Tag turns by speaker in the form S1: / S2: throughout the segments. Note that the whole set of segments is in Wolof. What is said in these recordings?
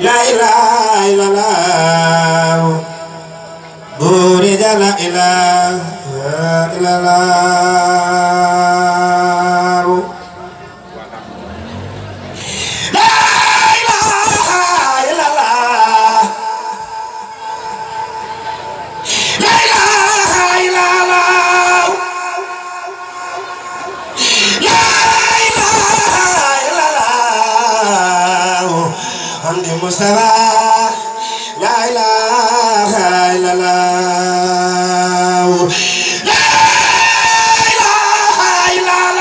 S1: لا إله إلا الله
S2: بورد
S1: لا إله إلا الله لا إله إلا الله لا إله إلا الله حمد مصطفى لا إله إلا الله لا إله إلا الله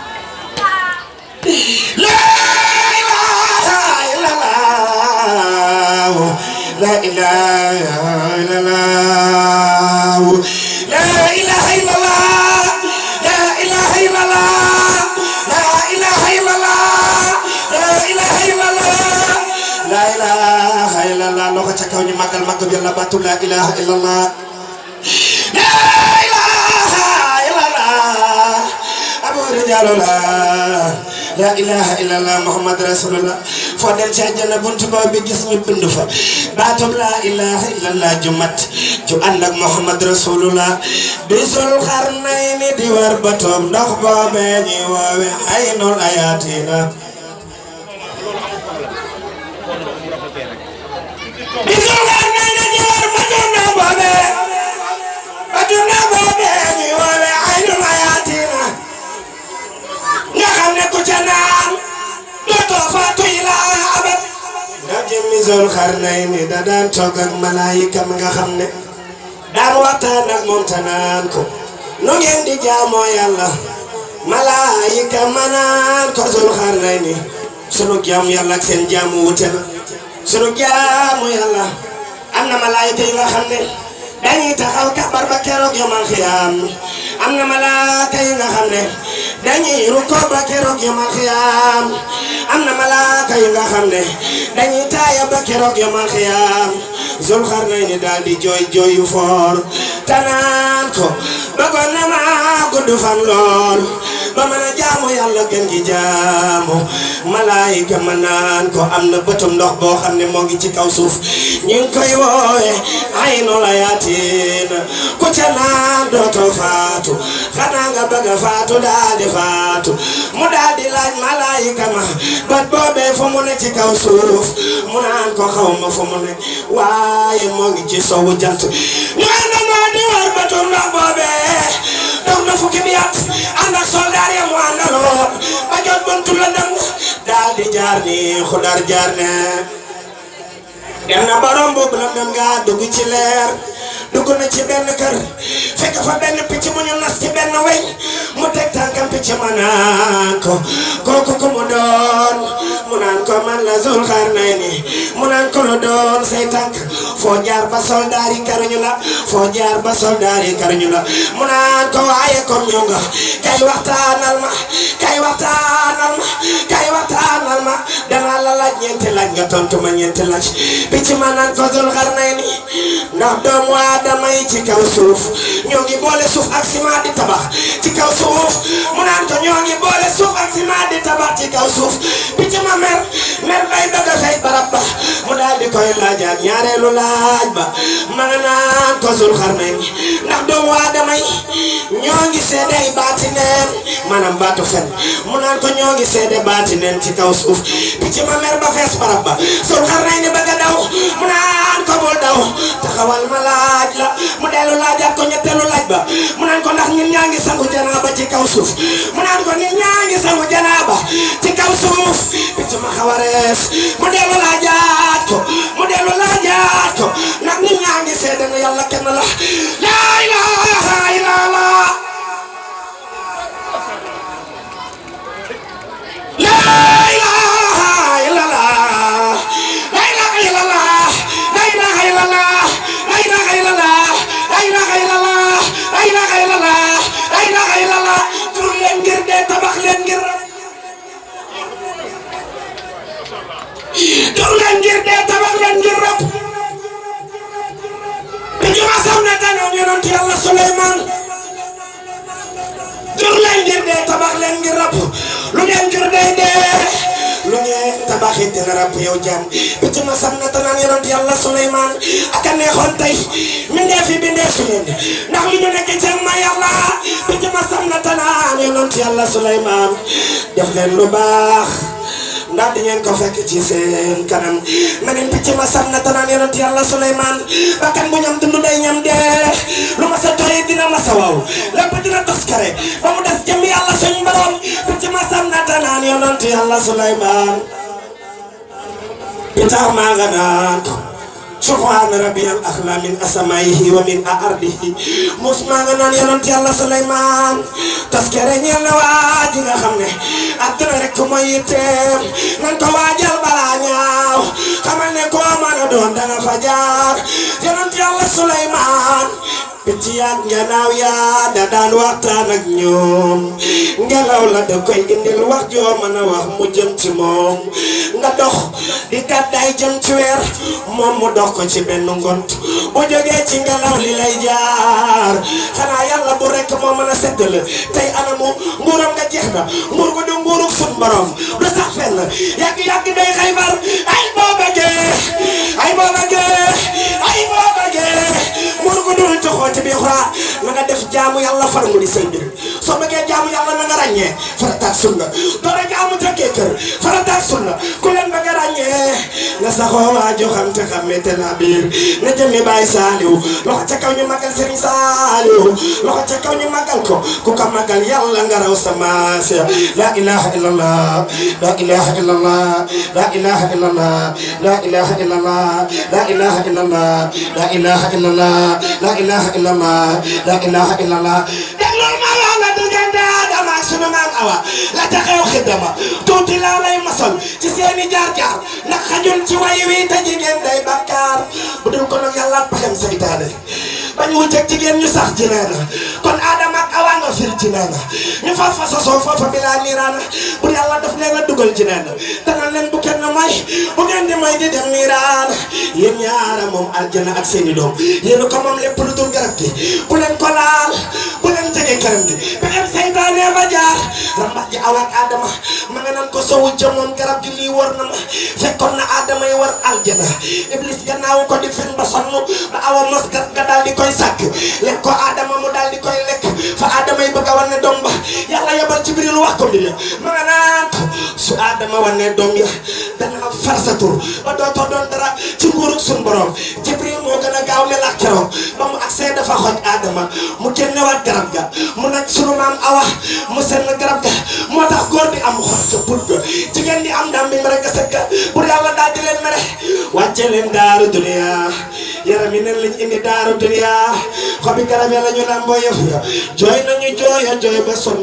S1: لا إله إلا الله لا إله إلا الله لا hamdu bi Allah batu la ilaha illallah la ilaha illallah abu rijalullah la ilaha illallah muhammad rasulullah fo del ci aljana buntu ba bi gis ñu fa batum la ilaha illallah jumat ju allah muhammad rasulullah bisul Kharnaini di war batom ndox boobe ñi woowe aynul ayatina doon xar nay ni da daan toog ak malaayika ma nga ne daan waxtaan ak moom tanaan ko nu di jaamoo yàlla malaayika ma naan ko doon xar nay ni sunu jaam yàlla ak jaamu wute na sunu jaamu yàlla am na malaayika yi nga xam ne dañuy taxaw kabar ba keroog yomal xiyaam am na malaayika yi nga xam ne dañuy ruko ba keroog yomal xiyaam am na malaayika yi nga xam ne dañuy taaya ba keroog yomal xiyaam zul xarnayni daal di jooy jooy yu foor tanaan ko bëggoon na maa gudd fan lool ba mën a jaamu yàlla gën jaamu malaayika ma naan ko am na bëtum ndox boo xam ne moo ngi ci kaw suuf ñu ngi koy wooye ay nu la yaatin ku ca naan dootoo faatu xanaa nga bëgg faatu daal di faatu mu daal di laaj malaayika ma bat boobee fu mu ne ci kaw suuf mu naan ko xaw ma fu mu ne waaye moo ngi ci sowu jant ñu ànd maa di war bëtum ndox boobee daw na fukki bi at ànd ak soldaar ya mu àndaloon ba jot buntu la dem daal di jaar ni xudar jaar ne dem na borom boobu la dem nga dugg ci leer dugg na ci benn kër fekk fa benn picc mu ñu nas ci benn weñ mu teg tànkam picc ma naan ko kooku ko mu doon mu naan ko man la Zul Xarnayni mu naan ko lu doon say tànk foo jaar ba soldaar yi karuñu la foo jaar ba soldaar yi karuñu la mu naan ko waaye comme ñëw nga kay waxtaanal ma kay waxtaanal ma kay waxtaanal ma danaa la laaj ñeenti laaj nga tontu ma ñeenti laaj picc ma naan ko dul xarnayni ndax doomu aadama ñoo ngi boole suuf ak ciment di tabax di tabax ci kaw suuf picc ma mer mer bay doga say barab ba mu daal di koy laajaat ñaareelu laaj laaj ba ma nga naan ko zul xarnañ ndax doomu aadama yi ñoo ngi seede ay baati neen maanaam baatu fen mu naan ko ñoo ngi seede baati neen ci kaw suuf picc ma mer ba fees barab ba zul xarnañ ni bëgg a daw mu naan ko bul daw taxawal ma laaj la mu dellu laajaat ko ñetteelu laaj ba mu naan ko ndax ñun ñaa ngi sangu janaaba ci kaw suuf mu naan ko ñun ci ma xawarees mu dellu laajaat ko dellu laajaat ndax nit ñaa ngi seede na yàlla kenn la laa ilaaha illallah laa ilaaha illallah laa ilaaha illallah laa ilaaha illallah laa ilaaha illallah laa ilaaha illallah laa ilaaha illallah laa ilaaha illallah tur leen ngir dee tabax leen ngir tur leen ngir dee ngir rab bi ñu ma sam ne dañoo yonent yàlla Suleymaan jur leen ngir dee tabax leen ngir rab lu ngeen jur day dee lu ngeen tabaxee dina rab yow jaan picc ma sam na tanaan yonent yàlla Suleymaan ak a neexoon tey mi ndee fi bi ndee fi leen ndax li ñu nekk ceeb ma yàlla picc ma sam na tanaan yonent yàlla Suleymaan def leen lu baax ndax di ngeen ko fekk ci seen kanam ma picc ma na tanaan yonent yàlla Suleymaan bakkan bu ñam dund day ñam dee lu ma sa tooyee dina ma sa waaw lépp dina tos mu des jëm yàlla suñ picc ma na tanaan yonent yàlla Suleymaan pitax maa nga naan subhaana rabbiyal a'laa min asmaa'ihi wa min ardihi mos maa nga naan yonent yàlla Suleymaan taskere ñeel na waa ne attana rek mooy nan ko waajal balaa ñaaw xamal ne koo mën a doon fa jaar yonent yàlla Suleymaan picc yaat njanaaw yaa da daan waxtaan ak ñoom ngelaw la da koy indil wax joo mën a wax mu jëm ci moom nga dox di gàddaay jëm ci weer moom mu dox ko ci benn ngont bu jógee ci ngelaw li lay jaar xanaa yàlla bu rekk moo mën a seddale tey anamu nguuram nga jeex na nguur ko di nguurug sun borom du sax fenn yàgg yàgg day xaybar wàcc bi xuraa na nga def jaamu yàlla far mu di say mbir soo bëggee jaamu yàlla na nga ràññee farataak sunna doora jaamu jëkkee kër farataak sunna ku leen te saxoo waa joxante xamante na biir na jëmmi Baay Saaliw loxo ca kaw ñu magal Sëriñ Saaliw loxo ca kaw ñu magal ko ku ko magal yàlla nga raw sa maas ya laa ilaaha illallah laa ilaaha illallah laa ilaaha illallah laa ilaaha illallah laa ilaaha illallah laa ilaaha illallah laa ilaaha illallah laa ilaaha illallah daawa la ca xew xidama tuuti laa lay masal ci seeni jaar-jaar ndax xajul ci way wi te jigéen day bakkaar bu dul ko nag yàlla pexem seytaane bañ wucceeg jigéen ñu sax ji kon Adama ak Awa nga fil ñu faf fa sosoo foofa bi laa niiraana bu yàlla daf leen a dugal ji bu ngeen di may di dem niiraan yéen moom aljana ak seeni doom yéen ko moom lépp lu dul garab gi ku leen ko laal bu leen jege këram gi pexem seytaane a jaar rambax ji aw ak Adama ma nga naan ko sowu jëmoon garab gi lii war na ma fekkoon na Adama yi war aljana iblis gannaaw ko di fen ba sonn ba awa mos ga daal di koy sàkk lekk ko Adama mu daal di koy wax ko li ya ma nga su adama wane doom ya dana far sa tur ba dootoo doon dara ci nguurug sun borom jibril moo gën a gaaw mel ak keroog ba mu agsee dafa xoj aadama mu génnewaat garab ga mu nag sunu maam awa mu senn garab ga moo tax góor di am xor ca pul ga jigéen di am ndam bi mere ga sëkk pour yàlla daal di leen mere wàcce leen daaru duniya yaram yi neen lañ indi daaru duniyaa xobi garab ya lañu nàmboo yëf ya jooy nañu jooy ya jooy ba sonn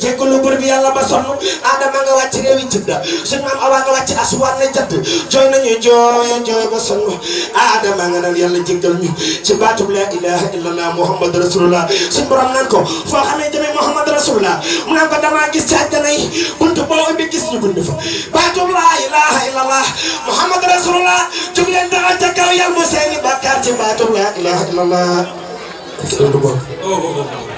S1: jéggalu bur bi yàlla ba sonn adama nga wàcc réewi jidda suñ maam awa nga wàcc aswaan la jadd jooy nañu jooy ya jooy ba sonn adama nga naan yàlla jéggal ñu ci baatum la ilaha illallah muhammad rasulullah suñ borom nan ko foo xamee jëme muhammad rasulullah mu naan ko damaa gis ci àjjana yi buntu boo ubbi gis ñu bind fa baatum la ilaha illallah muhammad rasulullah jóg leen dara ca kaw yàlla mu seeni bàkkaar yaakaar ci baatum laa ilaaha illallaah.